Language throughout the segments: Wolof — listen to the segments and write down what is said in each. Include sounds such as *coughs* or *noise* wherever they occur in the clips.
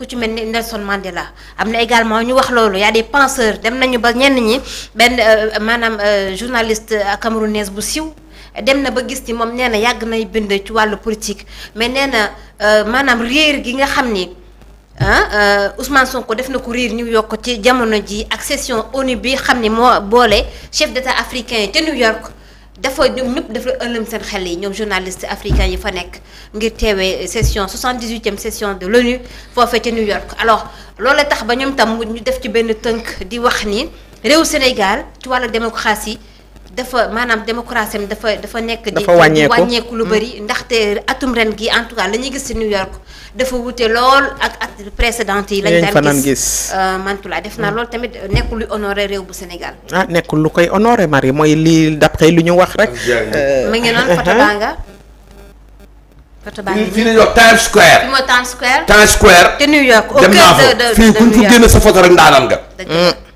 ku ci mel ni Nelson Mandela am na également ñu wax loolu y a des dem nañu ba ñenn ñi benn euh, maanaam euh, journaliste euh, camerounaise bu siiw dem na ba gis ni moom nee na yàgg nay bind ci wàllu politique mais nee na maanaam réer gi nga xam ni ah Ousmane Sonko def na ko riir New York ci jamono ji ak session ONU bi xam ni moo boole chef d'état africain te New York dafa ñoom ñëpp dafa ëllëm seen xel yi ñoom journaliste africain yi fa nekk ngir teewee session 78e session de l'ONU foofee ca New York alors loola tax ba ñoom tam ñu def ci benn tënk di wax ni réew Sénégal ci wàllu démocratie dafa maanaam démocratie am dafa dafa nekk. di wàññeeku lu mm. bëri ndaxte atum ren gi en tout cas la gis ci New York dafa wute lool ak at précédentes yi. lañ daan gis euh, Mantula def na mm. lool tamit euh, nekkul lu honoré réew bu Sénégal. ah nekkul lu koy honoré Marie mooy lii d'après lu ñu wax rek. Euh, ma ngi noonu uh-huh. Fatou Banga. Fatou Banga fii la ñuy wax Times Square. Square. te New York dem naa fa fii ku ñu fa génne sa photo rek ndaanam nga.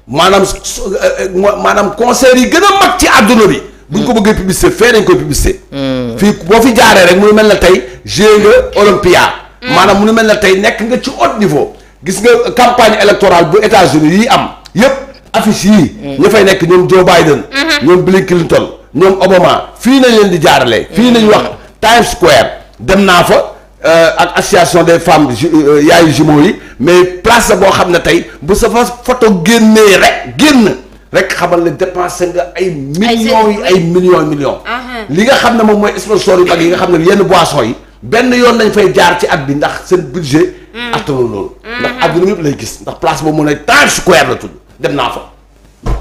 maanaam eh, eh, maanaam concert yi gën a mag ci àdduna bi. buñ ko bëggee publicité fee nañ koy publicité. Hmm. fii boo fi jaaree rek mu mel na tey joué nga Olympia. Hmm. maanaam mu mel na tey nekk nga ci haut niveau. gis nga campagne électorale bu États-Unis yi am yëpp affiche yii. Hmm. ña fay nekk ñoom Joe Biden. ñoom Bill Clinton ñoom Obama fii nañ leen di jaaralee. fii nañu wax Times Square dem naa fa. Euh, ak association des femmes euh, yaayu jumeaux yi mais place la boo xam ne tey bu sa fa photo génnee rek génn rek xamal ne dépensé nga ay millions yi ay millions millions ah, ah. li nga xam ne moom mooy sponsor yu mag yi nga xam ne yenn boison yi benn yoon lañ fay jaar ci at bi ndax seen budget hmm. attanu loolu hmm. ndax àdduna yëpp lay gis ndax place boobu mu ne Times Square la tudd dem naa fa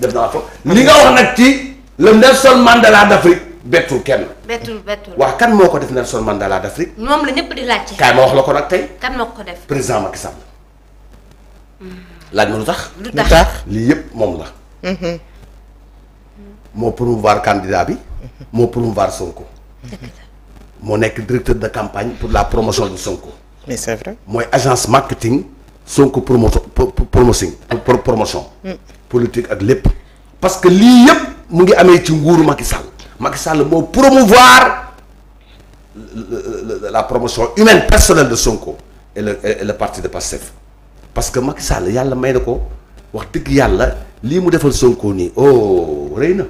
dem naa fa li nga wax nag ci le Nelson Mandela d'Afrique bettul kenn. bettul bettul waaw kan moo ko def Nelson Mandela d'Afrique. moom la ñëpp di laajte. kaay ma wax la ko nag tey. kan moo ko def président Macky Sall. Hmm. laaj ma lu tax. lu tax lii yëpp moom la. Mhm. moo promouvoir candidat bi. Mhm. moo promouvoir Sonko. *laughs* moo nekk directeur de campagne pour la promotion de Sonko. mooy agence marketing Sonko promotion promotion promotion. Mm. politique ak lépp. parce que lii yëpp mu ngi amee ci nguuru Macky Sall. Macky Sall moo promouvoir la promotion humaine personnelle de Sonko et le et le parti de Pastef parce que Macky Sall yàlla may na ko wax dëgg yàlla lii mu defal Sonko nii oh rëy na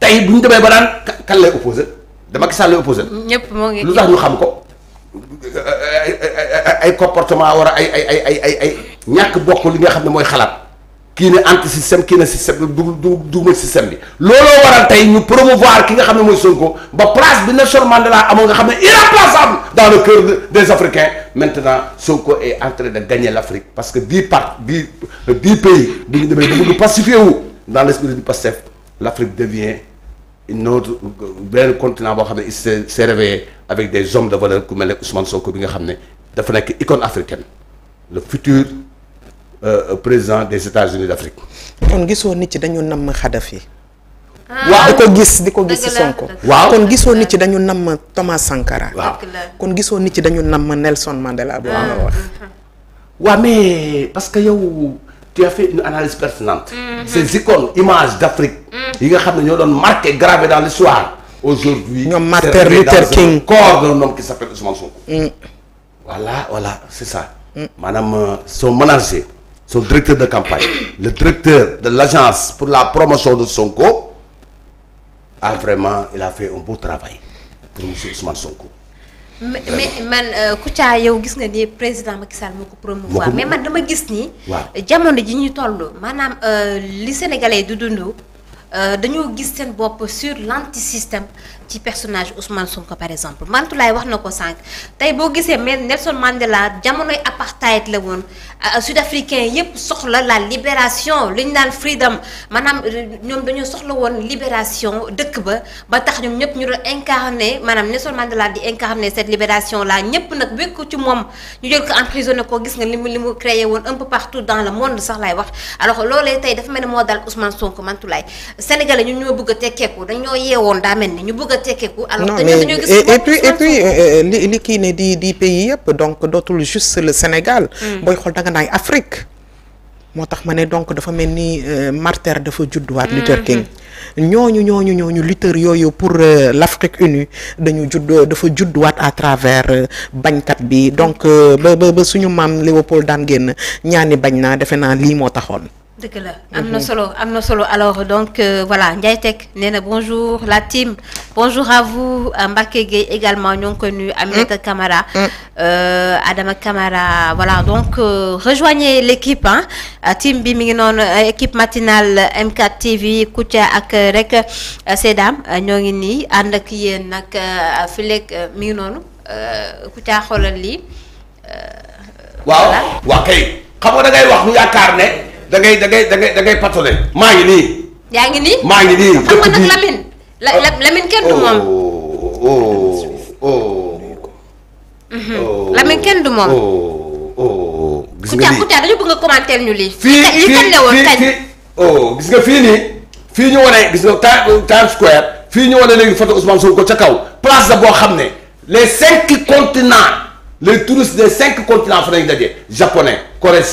tey bu ñu demee ba naan kal lay opposé da Macky Sall lay opposé. ñëpp moo ngi lu tax ñu xam ko. ay comportement war a ay ay ay ay ay ñàkk bokk li nga xam ne mooy xalaat. kii ne anti système kii ne système dug dug dugumal système bi looloo waral ñu promouvoir ki nga xam ne mooy Sonko ba place bi Nelson Mandela amoon nga xam ne irremplaçable dans le cœur des Africains maintenant Sonko est en train de gagner l'Afrique parce que dix part dix dix pays bu ñu demee bu ñu pacifié wu dans l'esprit du Pastef l'Afrique devient une autre benn continent boo xam ne il s'est s'est réveillé avec des hommes de valeur ku mel ne Sonko bi nga xam ne dafa nekk icône Euh, président des États-Unis d'Afrique. kon gisoo nit ci dañu namm Kadhafi. Ah, waaw di ko gis di ko gis si Sonko. waaw kon gisoo nit ci dañu nam Thomas Sankara. waaw kon gisoo nit ci dañu namm Nelson Mandela boobu nga ah. wax. *laughs* waaw mais parce que yow tu as fait une analyse pertinente. Mm-hmm. ces icônes images d'Afrique. Mm. yi nga xam ne ñoo doon marqué gravé dans l'histoire aujourd'hui ñoom Martin Luther King corps d'un homme qui s'appelle Ousmane Sonko. Mm. voilà voilà c'est ça. Mm. Euh, son directeur de campagne, le directeur de l'agence pour la promotion de Sonko, a vraiment, il a fait un beau travail pour M. Ousmane Sonko. mais man euh, Kouthia yow gis nga ni président Macky Sall moo ko promouvoir mais man dama gis ni. jamono ji ñu toll maanaam euh, li sénégalais di dund euh, dañoo gis seen bopp sur l'antisystème ci personnage Ousmane Sonko par exemple Mantoulaye wax na ko sànq tey boo gisee mel Nelson Mandela la woon euh, sud-africain yépp soxla la libération li ñu maanaam euh, ñoom dañoo soxla woon libération dëkk ba ba tax ñoom ñëpp ñu doon incarné maanaam Nelson Mandela di incarné cette libération là ñëpp nag wékku ci moom ñu jël ko emprisonné gis nga li mu li mu créé woon un peu partout dans le sax laay wax alors loolee tey dafa mel ne moo daal Ousmane Sonko Mantoulaye sénégalais ñun ñoo bëgg a tekkeeku dañoo yeewoon daa ni ñu bëgg tekkeeku. alors que ñoom dañoo gis et puis euh, li kii ne di di pays yëpp donc dootul juste le Sénégal. Hmm. booy xool danga naan Afrique. moo tax ma ne donc dafa mel ni euh, martyr dafa judduwaat Luther hmm. King ñooñu ñooñu ñooñu lutteur yooyu pour euh, l'Afrique uni dañu judd dafa judduwaat à travers bañkat bi donc ba ba suñu maam Léopold daan génn ñaani bañ naa defe naa lii moo taxoon dëgg la mhm. am na solo am na solo alors donc euh, voilà Ndiaye Tech nee na bonjour la team bonjour à vous Mbacké Gueye également ñoo ngi ko nuyu mhm. Aminata Camara mhm. euh, Adama Camara voilà donc euh, rejoignez l'équipe euh, team bi mi ngi noonu euh, équipe matinale M4 TV Kouthia ak rek Sedam ñoo ngi nii ànd ak yéen nag fi léeg mi ngi noonu Kouthia xoolal li waaw waaw kay xam wax yaakaar ne da ngay dangay dangay da ngay maa ngi nii. yaa ngi nii maa ngi nii. xam nga nag Lamine. la Lamine kenn du moom. Oh, oh, oh, mhm. Lamine kenn du moom. nga nii Kouthia dañu bëgg nga commenter ñu lii. fii fii fii gis nga fii nii. fii ñu wane gis nga Time Square fii ñu wane léegi photo Ousmane Sonko ca kaw place la boo xam ne les cinq continents les touristes des cinq continents fa nañ daje japonais coréen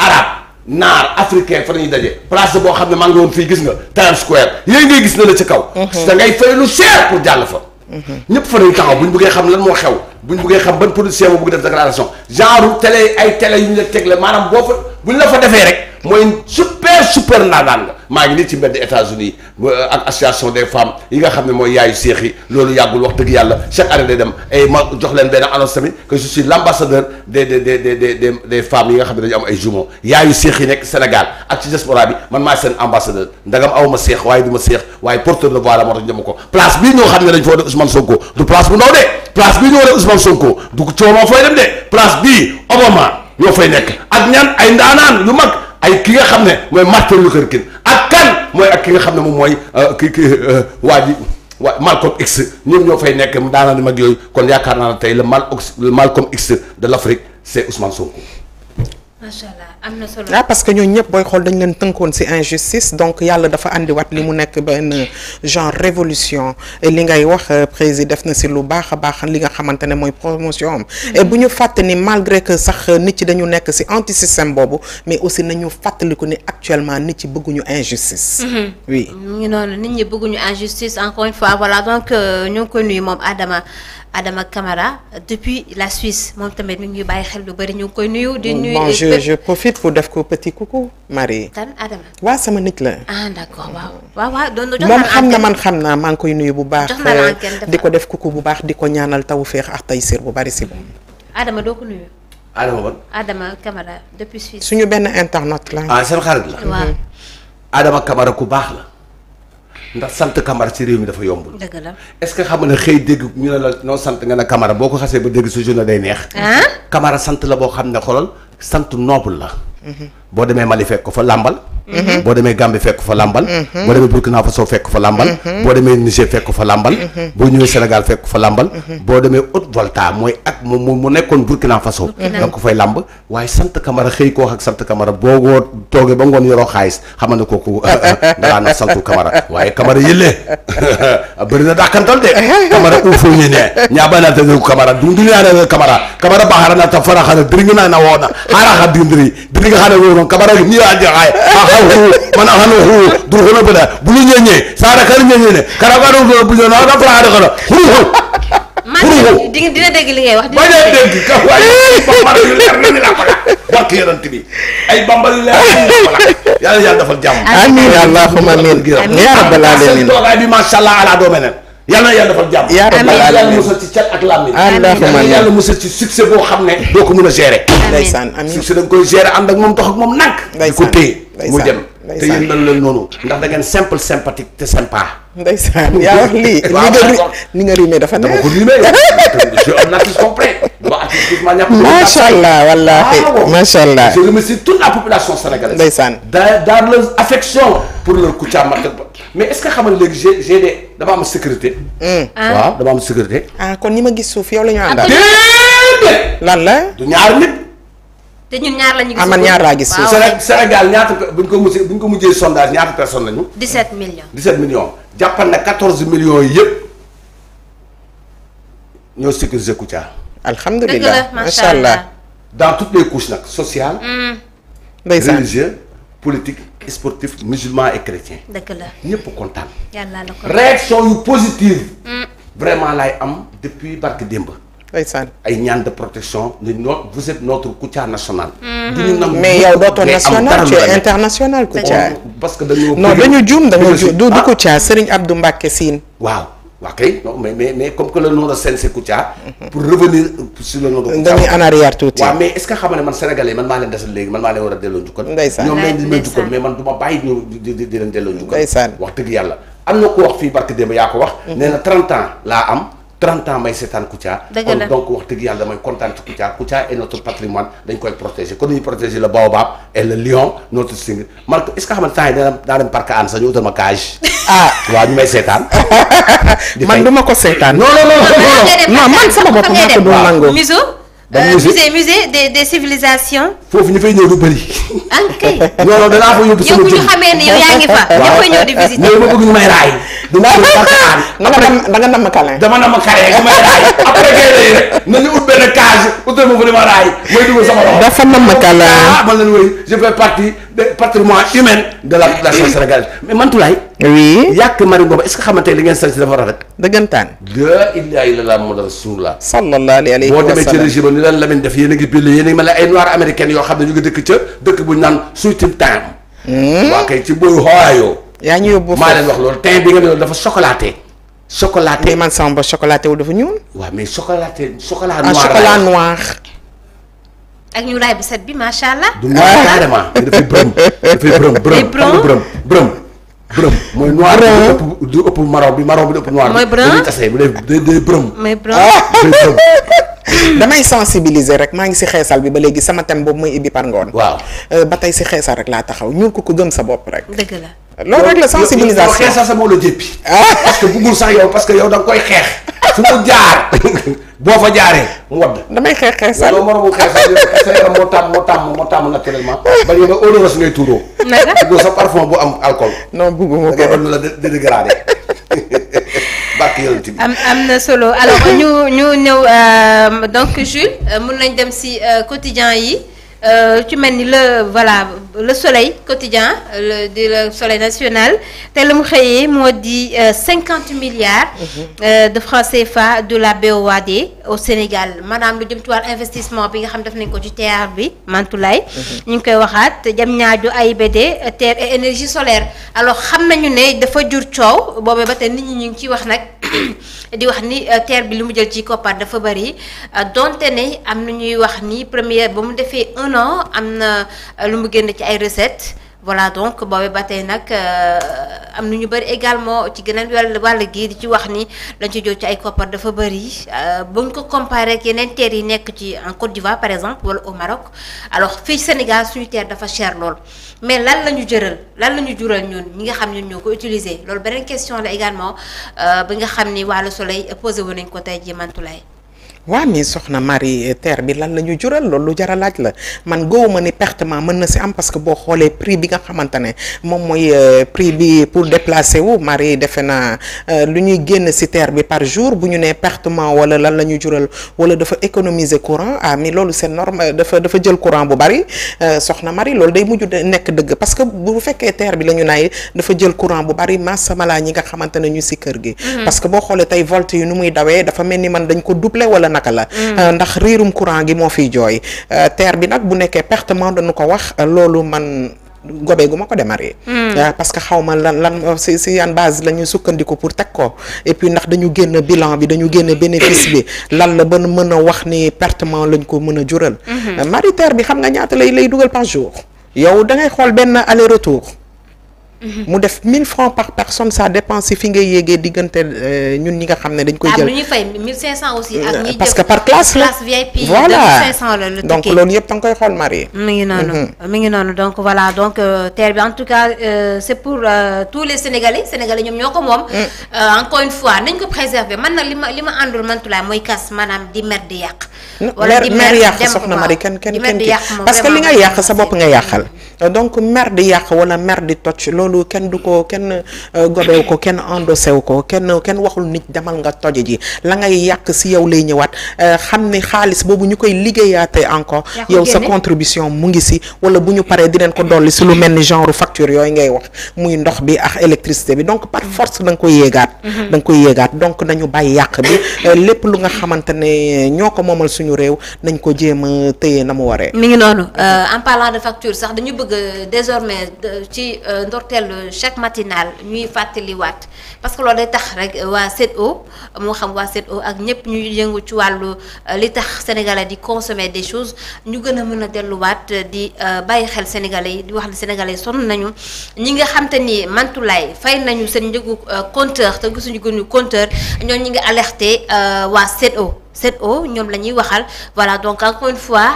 arabe. naar africain fa nañuy daje place boo xam ne maa ngi woon gis nga Times Square yooyu ngay gis na la ca kaw mhm. da ngay fay lu cher pour jàll fa mhm. fa nañu taxaw bu ñu bëggee xam lan moo xew bu ñu bëggee xam ban politicien moo bëgg def déclaration genre télé ay télé yu ñu la tegle maanaam boo fa bu la fa defee rek mooy sup super naadaan maa ngi nii ci mbedd États-Unis euh, ak association des femmes yi nga xam ne mooy yaayu seex yi loolu yàggul wax dëgg yàlla chaque année day dem ay ma jox leen benn annonce tamit que je suis nga xam ne dañu am ay jumeaux yaayu seex yi nekk Sénégal ak ci diaspora bi man maa seen ambassadeur ndagam aw ma seex waaye du ma seex waaye porteur de voix la moo tax jëm ko place bii ñoo xam ne dañ fa war a Ousmane Sonko du place bu ndaw de place bii ñoo war a Ousmane Sonko du coono fay ay ki nga xam ne mooy Martin Luther King ak kan mooy ak ki nga xam ne moom mooy kii euh, ki euh, waa ji waa Malcolm X ñoom ñoo fay nekk daanaka mag yooyu kon yaakaar naa ne tey le Malcolm X de l' Afrique c' est Ousmane macha allah am na solo ah parce que ñooñu ñëpp booy xool dañ leen tënkoon ci injustice donc yàlla dafa àndiwaat li mu nekk benn genre révolution li ngay wax euh, président def na si lu baax a baax li nga xamante ne mooy promotion am. et bu ñu fàtte ni malgré que sax nit ci dañu nekk ci anti système boobu mais aussi nañu fàttaliku ni actuellement nit ci bëgguñu injustice. Mm-hmm. oui ñu noonu nit ñi bëgguñu injustice encore une fois voilà donc euh, ñu ngi ko nuyu moom Adama. Adama Camara depuis la Suisse moom tamit mi ngi bàyyi xel lu bari ñu ngi koy nuyu. di nuyu bon je je profite pour def ko petit coucou Marie. tan Adama waaw sama nit la. ah d'accord waaw waaw waaw moom xam na man xam naa maa ngi koy nuyu bu baax. Euh, di ko def coucou bu baax di ko ñaanal tawfeex ak taysir bu bari si moom. Adama doo ko nuyu. Adama bon Adama depuis Suisse. suñu benn internaute la. ah seen xarit la. waaw mhm. Adama Camara ku baax la. ndax sant Camara ci réew mi dafa yombul. dëgg la est-ce que xam nga xëy dégg ñu ne la non sant nga ne Camara boo ko xasee ba dégg sa journée day neex. kamara ah? sant la boo xam ne xolal sant noble la. Mhm. boo demee Mali fekk ko fa làmbal mhm. boo demee Gambie fekk fa làmbal mhm. boo demee Burkina Faso fekk ko fa làmbal mhm. boo demee Niger fekk ko fa làmbal boo ñëwee Sénégal fekk ko fa làmbal boo demee Haute-Volta mooy ak mu mu nekkoon Burkina Faso da nga ko fay làmb waaye sant Camara xëy koo ak sant Camara boo woo toogee ba ngoon yoroo xaalis xamal ne kooku dangaa *laughs* na santu Camara waaye Camara yëllee *laughs* bëri na dàkkantal de *laughs* Camara u fo ñi ne ñaabanate Camara a du ñaane Camara a baxara na ta faraxana ɓurɗon kaɓaraji miyaji hay aha ah, hu mana ah, hano hu dur hono beda bulu ñeñe sara kadi ñeñene kara ɓaɗo ɗo bujon aɗa flaade kono huru ho huru ho dina dégg li ngay wax baña dégg ka waye bambara yu leer nañu la ko barke yarante bi ay bambara yu leer nañu la ko yàlla yàlla dafal jàmm amin allahumma amin ya rabbal alamin toogaay bi machallah ala doo meneen yàlla na yàlla defal jàmm. yàlla musal ne. doo ko mën a gérer. ndeysaan amiin succès da nga koy gérer ànd ak moom ndax da ngeen simple sympathique te sympa. ndeysaan *laughs* yaa wax lii. ni nga rimee dafa neex dama ko rimee *laughs* je suis un artiste complet. macha allah wallaahi ah, macha allah. je remercie toute la population sénégalaise. ndeysaan dans leur affection pour leur Kouthia Market mais est-ce que xam nga léegi GD dafa am sécurité. Hmm. Ah. waaw dafa am sécurité. ah kon ni ma gis suuf yow la ñu àndal. Ah, déedéet. lan la du ñaar nit. te ñun ñaar ah, ñaar laa gis suuf. Sénégal ñaata bu ko mujjee bu ñu ko mujjee sondage ñaata personne lañu. 17 millions. 17 millions jàppal na 14 millions yëpp ñoo sécurisé Kouthia. alhamdulilah macha allah dans toutes les couches nag sociale. Hmm. ndeysaan religieux sportif musulman et chrétien. dëgg la ñëpp kontaan. yàlla la ko réaction yu positive. Mm. vraiment laay am ay ñaan de protection national. Mm. du ñu nangu mais yow dootoo national tu es international Kouthia. parce que dañoo. dañu juum dañoo juum du ah. Kouthia Serigne Abdou Mbacke Sine. waa mais mais mais comme que le nom de ne man sénégalais man maa leen desal léegi man maa leen war a man du ma bàyyi wax dëgg yàlla am na ku wax fii barke démb yaa ko wax. Mhm. nee na 30 laa am. 30 ans may seetaan Kouthia. kon donc wax dëgg yàlla damay kontaan ci Kouthia Kouthia est patrimoine dañ koy protéger kon ñu protéger le baobab et le lion notre signe man est-ce que xam nga temps yii daa dem parc an sax ñu utal ma cage. ah waaw ñu may seetaan. man du ma ko seetaan. non non non non man sama bopp maa ko doon nangoo. Euh, musée musée des des civilisations. foofu ñu fay ñëw du bëri. Ah, ok loolu *laughs* danaa fa yóbbu sama tur yow bu ñu xamee ne yow yaa ngi fa. *laughs* waaw ñëpp a ñëw di visiter. mais ma bëgg ñu may raay. dinaa ko def da nga namm kale. dama namm kale rek may raay après kay lay rek nañu ut benn cage utal ma fa dama raay mooy dugal sama loxo. dafa namm kale ah man la ñu wéy je fais partie des patrimoine humain de la population sénégalaise mais man Toulaye. oui yàq ma boobu est-ce que xamante li ngeen sañ si dafa rafet. dëggantaan. la ilaha illallah muhammad rasulullah. sallallahu alayhi wa sallam boo demee ci ni lan la mën def yéen a ngi bill yéen a ngi mel ay noirs américains yoo xam ne ñu ngi dëkk ca bu ñu naan time. Hmm? waa kay ci booru Ohio. yaa ñu yóbbu maa leen wax loolu teint bi nga ne dafa chocolaté. chocolaté mais man sama ba dafa ñuul. waaw mais chocolaté chocolat ah, noir chocolat noir. ak ñu raay bi set bi macha allah. du noir carrément *laughs* dafay brëm dafay brëm brëm brun mooy noir du ëpp marron bi maro bi du ëpp noir. mooy brun dañuy tase bu dee day brun. mooy brun ah, *laughs* damay sensibiliser rek maa ngi si xeesal bi ba léegi sama thème boobu mooy ibbi par ngoon. waaw euh, ba tey si xeesal rek laa taxaw ñuul ko ko gëm sa bopp rek. dëgg la loolu rek la sensibilisation yow xeesal sa moo la jéppi. Ah. parce que buggul sax yow parce que yow da nga koy xeex. fu mu jaar boo fa jaaree mu wadd. damay xeex xeexal yow moromu xeexal yow sa yaram moo tàmm moo tàmm moo tàmm ba yow nag eau de rose ngay tuuroo. naka sa parfum bu am alcool. non bugguma ko da la dégradé *laughs* barke yonent bi am am na solo alors ñu ñu ñëw euh, donc Jules euh, mun nañ dem si euh, quotidien yi. Euh, ci mel ni le voilà le soleil quotidien le di le soleil national te la mu xëyee moo di euh, cinquante milliards mhm. euh, de francs CFA de la BOAD au Sénégal maanaam lu jëm ci wàllu investissement bi nga xam def nañ ko ci TER bi mantulaay mhm. ñu ngi koy waxaat jam ñaajo AIBD terre et énergie solaire alors xam nañu ne dafa jur coow boobee ba tey nit ñi ñu ngi ciy wax nag di wax ni euh, TER bi lu mu jël ci koppar dafa bëri euh, donte ne am na ñuy wax ni première ba mu defee un an am na euh, lu mu génn ci ay recettes. voilà donc boobu ba tey nag euh, am na ñu bëri également ci geneen wàll wàll gii di ci wax ni lañ ci jot ci ay koppar dafa bëri euh, buñ ko comparé ak yeneen teer yi nekk ci en Côte d'Ivoire par exemple wala au Maroc alors fii Sénégal suñu terre dafa cher lool mais lan la ñu jëral lan la ñu jural ñun ñi nga xam ne ñoo ko utiliser loolu beneen question la également euh, bi nga xam ni waa Le Soleil posé woon nañ ko tey ji Mantoulaye waa mais soxna Marie euh, terre bi lan la ñu jural loolu lu jar a laaj la man gowuma ni pertement mën na si am parce que boo xoolee prix bi nga xamante ne moom mooy euh, prix bi pour déplacer wu Marie defe naa euh, lu ñuy génn si terre bi par jour bu ñu nee pertement wala lan la ñu jural wala dafa économiser courant ah mais loolu c'est normal dafa dafa jël courant bu bari soxna Marie loolu day mujj nekk dëgg parce que bu fekkee terre bi la ñu naay dafa jël courant bu bari masamala ñi nga xamante ne ñu si kër gi. Mm-hmm. parce que boo xoolee tey volt yi nu muy dawee dafa mel ni man dañ ko doubler wala. naka la mm. euh, ndax riirum courant gi moo fiy jooy euh, terre bi nag bu nekkee pertement dañu ko wax euh, loolu man gobe gu ma ko démarré mm. parce que xaw ma lan lan si si yan base la ñu sukkandiku pour teg ko et puis ndax dañu génn bilan bi dañu génn bénéfice bi *coughs* lan la ban mën a wax ni pertement lañ ko mën a jural mm-hmm. mari terre bi xam nga ñaata lay lay dugal par jour yow da xool benn aller retour mu def 1000 francs par personne ça dépend si fi ngay yéegee diggante euh, ñun ñi nga xam ne dañ koy ah, jël. am ñuy fay 1500 aussi ak ñuy parce que par classe la classe VIP voilà 2500 la donc loolu yëpp da nga koy xool marié. mi ngi noonu mhm. mi ngi noonu donc voilà donc euh, terre bi en tout cas euh, c' est pour tous les sénégalais sénégalais ñoom ñoo ko moom. Mm. encore une fois nañ ko préserver man nag li ma li ma àndul mantulaay mooy kas maanaam di mer di yàq. wala di mer yàq soxna Marie kenn yàq sa Euh, donc mer di yàq wala mer di toj loolu kenn du ko kenn euh, gobew ko kenn endosew ko kenn kenn waxul nit demal nga toj ji la ngay yàq si yow lay ñëwaat euh, xam ni xaalis boobu ñu koy liggéeyaate encore yow sa contribution mu ngi si wala bu ñu paree di dinañ ko dolli si lu mel ni genre facture yooyu ngay wax muy ndox bi ak électricité bi donc par force da nga koy yéegaat mm-hmm. da nga koy yéegaat donc nañu bàyyi yàq bi lépp lu nga xamante ne ñoo ko moomal suñu réew nañ ko jéem téye na mu waree bëgg désormais euh, ci euh, ndorteel euh, chaque matinale ñuy fàttaliwaat parce que loolu day tax rek waa SETO moo xam waa SETO ak ñëpp ñuy yëngu ci wàllu li tax sénégalais di consommer des choses ñu gën a mën a delluwaat di bàyyi xel sénégalais yi di wax ne sénégalais yi sonn nañu ñi nga xam te ni mantulaay fay nañu seen njëgu compteur te gisuñu gënu compteur ñoom ñi ngi alerté waa SETO SETO ñoom la waxal voilà donc encore une